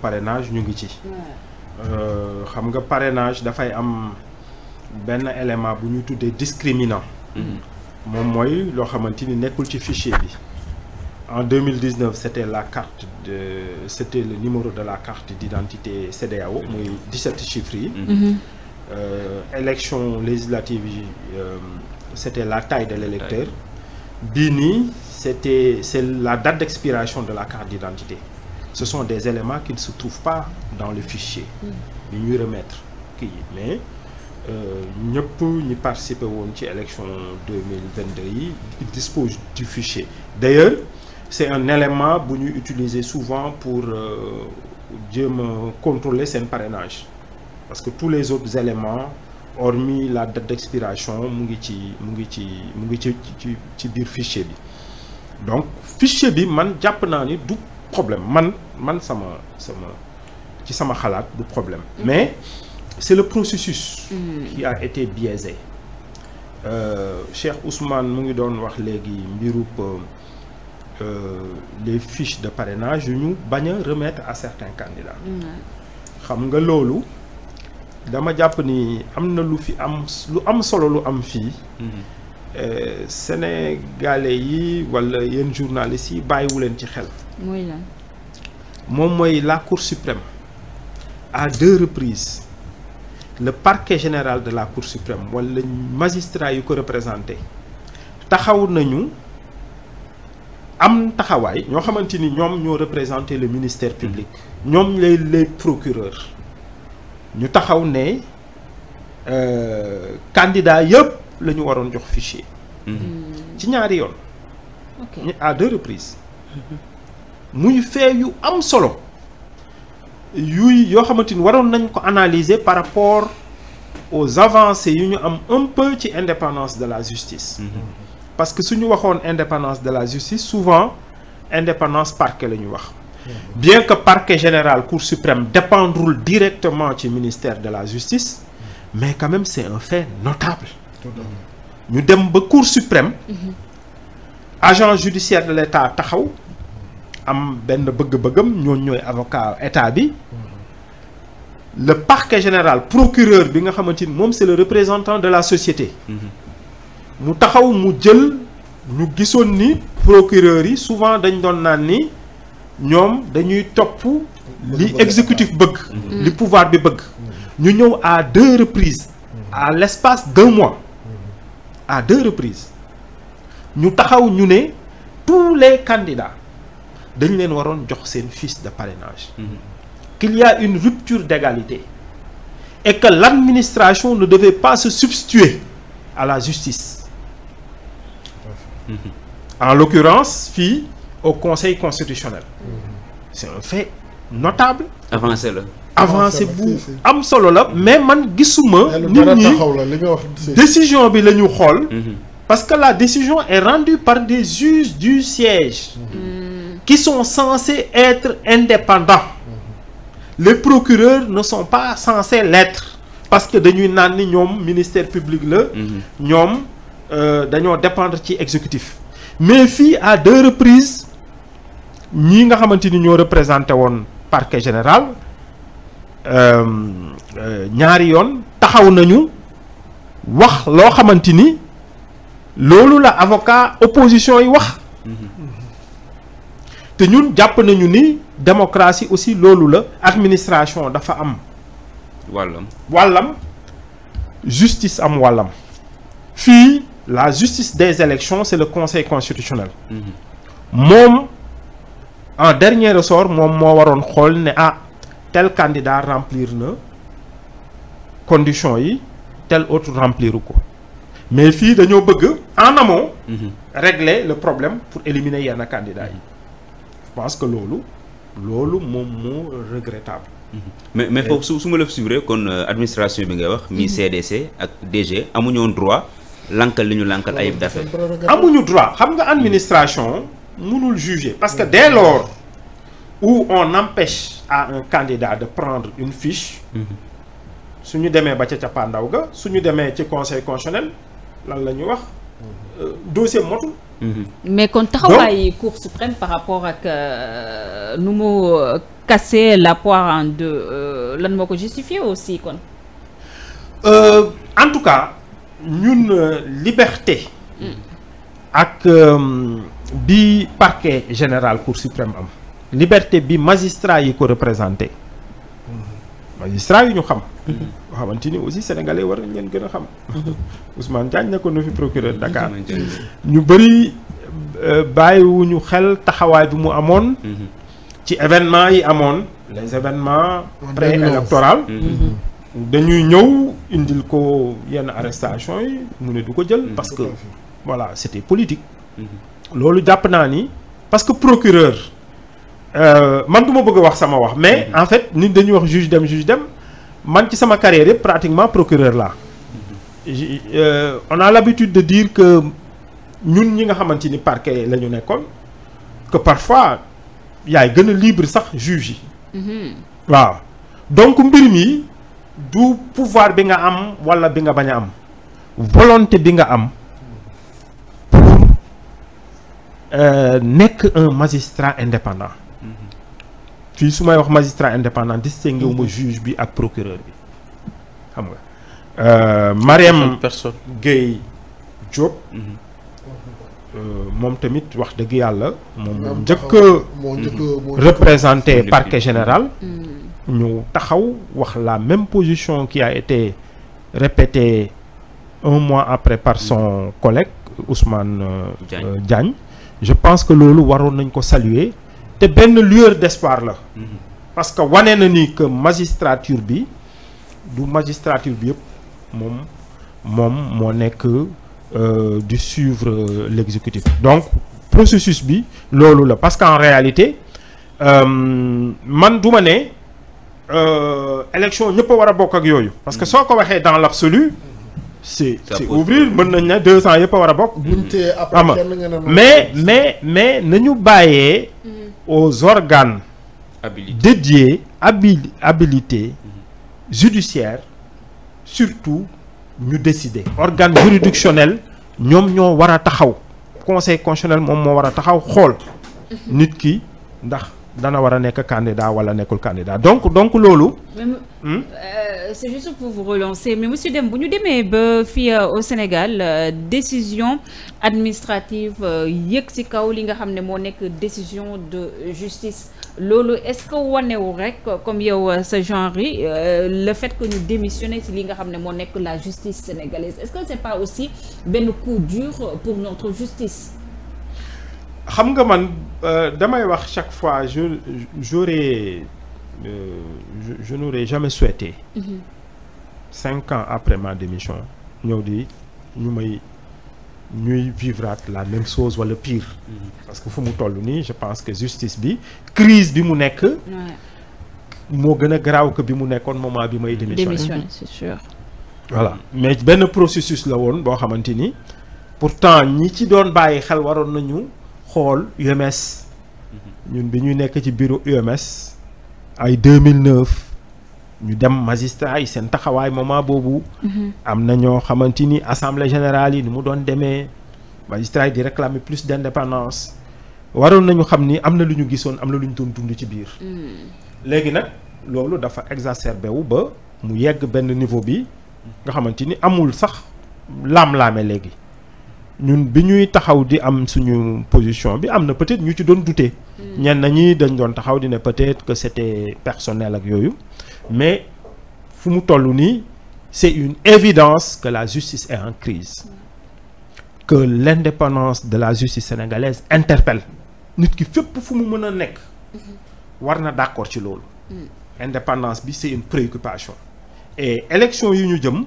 parrainage ñu ngi ci. Euh, xam nga parenage dafay am benn élément bu ñuy tuddee discriminant. Mm-hmm. moom mooy loo xamante ni nekkul ci fichier bi. en 2019 c'était la carte de c'était le numéro de la carte d'identité CEDEAO muy 17 chiffres yi. Mm -hmm. euh, élection législative yi euh, la taille de l'électeur bii nii c'était c'est la date d'expiration de la carte d'identité ce sont des éléments qui ne se trouvent pas dans le fichier mm. li ñuy remettre kii mais euh, ñëpp ñi participer woon ci élection 2022 yi ils disposent du fichier d'ailleurs c'est un élément bu ñu utiliser souvent pour euh, jéem a contrôler seen parrainage parce que tous les autres éléments hormis la date d'expiration mu ngi ci mu ngi ci mu ngi ci ci ci biir fichier bi donc fichier bi man jàpp naa ni du problème man man sama sama ci sama xalaat du problème mais c'est le processus qui a été biaisé euh, Cheikh Ousmane mu ngi doon wax léegi mbirub euh, euh, les fiches de parrainage yu ñu bañ a remettre à certains candidats xam nga loolu dama jàpp ni am na lu fi am lu am solo lu am fii mhm. euh, sénégalais yi walla yenn journalistes yi bàyyiwu leen ci xel mooy lan moom mooy la cour suprême à deux reprises le parquet général de la cour suprême wala magistrat yu ko représenté taxaw nañu am taxawaay ñoo xamante ni ñoom ñoo représenté le ministère public ñoom lay les procureurs ñu taxaw ne euh, candidat yëpp la ñu waroon jox fichier mm-hmm. ci ñaari yoon à deux reprises mm-hmm. muy fee yu am solo yuy yoo xamante ni waroon nañ ko analyser par rapport aux avancées yu ñu am un peu ci indépendance de la justice mm-hmm. parce que suñu waxoon indépendance de la justice souvent indépendance parquet la ñu wax mm-hmm. bien que parquet général cour suprême dépendrul directement ci ministère de la justice mm-hmm. mais quand même c'est un fait notable ñu dem ba cour suprême agent judiciaire de l'État taxaw am benn bëgg-bëggam ñooñ ñooy avocat état bi le parquet général procureur bi nga xamante ni moom c'est le représentant de la société mu taxaw mu jël ñu gisoon ni procureurs yi souvent dañ doon naan ni ñoom dañuy topp li exécutif bëgg mm-hmm. li pouvoir bi bëgg ñu ñëw à deux reprises à l'espace deux mois à deux reprises ñu taxaw ñu ne tous les candidats dañ leen waroon jox seen fiche de parrainage mhm. qu'il y a une rupture d'égalité et que l'administration ne devait pas se substituer à la justice mhm. en l'occurrence fii au conseil constitutionnel mhm. c'est un fait notable avancé la avancé bou am solo la mais man gisuma nit ñi décision bi la ñu xool parce que la décision est rendue par des juges du siège qui sont censés être indépendants les procureurs ne sont pas censés l'être parce que dañuy naan ni ñoom ministère public la mhm. ñoom euh, dañoo dépendre ci exécutif mais fii à deux reprises ñii nga xamante ni ñoo représenté woon parquet général euh, euh, ñaari yoon taxaw nañu wax loo xamante ni loolu la avocat opposition yi wax te ñun jàpp nañu ni démocratie aussi loolu la administration dafa am. wàllam wàllam justice am wàllam. fii la justice des élections c'est le conseil constitutionnel. Mhm. moom en dernier ressort moom moo waroon xool ne ah tel candidat remplir na conditions yi tel autre remplir ko. mais fii dañoo bëgg en amont. Mhm. régler le problème pour éliminer yenn candidats yi. Mhm. parce que loolu loolu moom moo regrettable mm-hmm. mais mais foofu su su ma la suivre kon euh, administration bi ngay wax mi CDC mm-hmm. ak DG amuñu woon droit lankal li ñu lankal Ayib Daffé amuñu droit xam nga administration mënul juger parce que dès lors où on empêche à un candidat de prendre une fiche mm-hmm. su ñu demee ba ca cappaandaw ga su ñu demee ci conseil constitutionnel lan la ñu wax euh, dossier motul Mm-hmm. mais kon taxawaay cour suprême par rapport ak nu mu casser la poire de deux euh, lan moo ko justifier aussi kon. Euh, en tout cas ñun euh, liberté. Mm. ak bi parquet général cour suprême am. liberté bi magistrat yi ko représenté. magistrat yi ñu xam. boo xamante ni aussi sénégalais war nañ leen gën a xam. Ousmane Diagne nekkoon na fi procureur Dakar. ñu bëri euh, ñu xel taxawaay bi mu amoon. ci événement yi amoon. les événements pré-électoraux. Mhm. dañuy ñëw indil ko yenn arrestation yi mu ne du ko jël. Mhm. parce que voilà c'était politique. Mhm. loolu jàpp naa ni parce que procureur. Euh, man du ma bëgg a wax sama wax mais mhm. en fait nit dañuy wax juge dem juge dem man ci sama carrière yëpp pratiquement procureur la mhm. euh, on a de dire que ñun ñi nga xamante ni parquet la ñu nekkoon que parfois yaay gën a libre sax juge yi mhm. waaw donc mbir mi du pouvoir bi nga am walla bi nga bañ a am volonté bi nga am pour euh, nekk un magistrat indépendant fii su may wax magistrat indépendant distingué wu ma juge bi ak procureur bi xam nga euh, Mariam Gueye Diop mhm. euh, moom tamit wax dëgg yàlla moom moo njëkk représenté parquet général mm. ñu taxaw wax la même position ki a été répétée un mois après par son mm. collègue Ousmane euh, Diagne je pense que loolu waroon nañ ko saluer te benn lueur d'espoir la mhm. parce que wane na ni que magistrature bi du magistrature bi yëpp moom moom moo nekk euh, di suivre euh, l'exécutif donc processus bi loolu la parce qu'en réalité euh, man duma ne élection ñëpp a war a bokk ak yooyu parce que mhm. soo ko waxee dans l'absolu c'est c'est ouvrir mën nañ ne deux cent yëpp a war a bokk. ama mais mais mais nañu bàyyee. Mm-hmm. aux organes. habilités dédiés habili habilités judiciaires surtout ñu décider. organe juridictionnel ñoom ñoo war a taxaw conseil constitutionnel moom moo war a taxaw xool mm-hmm. nit ki ndax. dana war a nekk candidat wala nekkul candidat donc donc loolu. Hmm? Euh, c'est juste pour vous relancer mais monsieur dem bu ñu demee ba fii euh, au Sénégal euh, décision administrative yëg ci kaw li nga xam ne moo nekk décision de justice loolu est-ce que wane wanewu rek comme yow sa genre yi le fait que ñu démissionné ci li nga xam ne moo nekk la justice sénégalaise est-ce que c'est pas aussi benn coup dur pour notre justice. xam nga man euh, damay wax chaque fois je j'aurais euh, je, je n'aurais jamais souhaité mm-hmm. cinq ans après ma démission ñëw di ñu may ñuy vivraat la même chose wala pire mm-hmm. parce que fu mu toll nii je pense que justice bi crise bi mu nekk moo gën a garaaw que bi mu nekkoon moment bi may démissionné c'est sûr voilà mais benn processus la woon boo xamante ni pourtant ñi ci doon bàyyi xel waroon nañu xool UMS. Mm-hmm. ñun bi ñuy nekk ci biiru UMS ay 2009. ñu dem magistrat yi seen taxawaay moment boobu. Mm-hmm. am na ñoo xamante ni assemblée générale yi ni mu doon demee magistrat yi di réclamer plus d'indépendance waroon nañu xam ni am na lu ñu gisoon am na lu ñu doon dund ci biir. Mm. léegi nag loolu dafa exacerbé wu ba mu yegg benn niveau bi nga xamante ni amul sax laam-laame léegi. ñun bi ñuy taxaw di am suñu position bi am na peut-être ñu ci doon douter. Hmm. ñenn nañu dañ doon taxaw dina ne peut-être que c'était personnel ak yooyu mais fu mu toll nii c'est une évidence que la justice est en crise hmm. que l'indépendance de la justice sénégalaise interpelle nit ki fépp fu mu mën a nekk hmm. war na d'accord ci loolu indépendance bi c'est une préoccupation et élection yi ñu jëm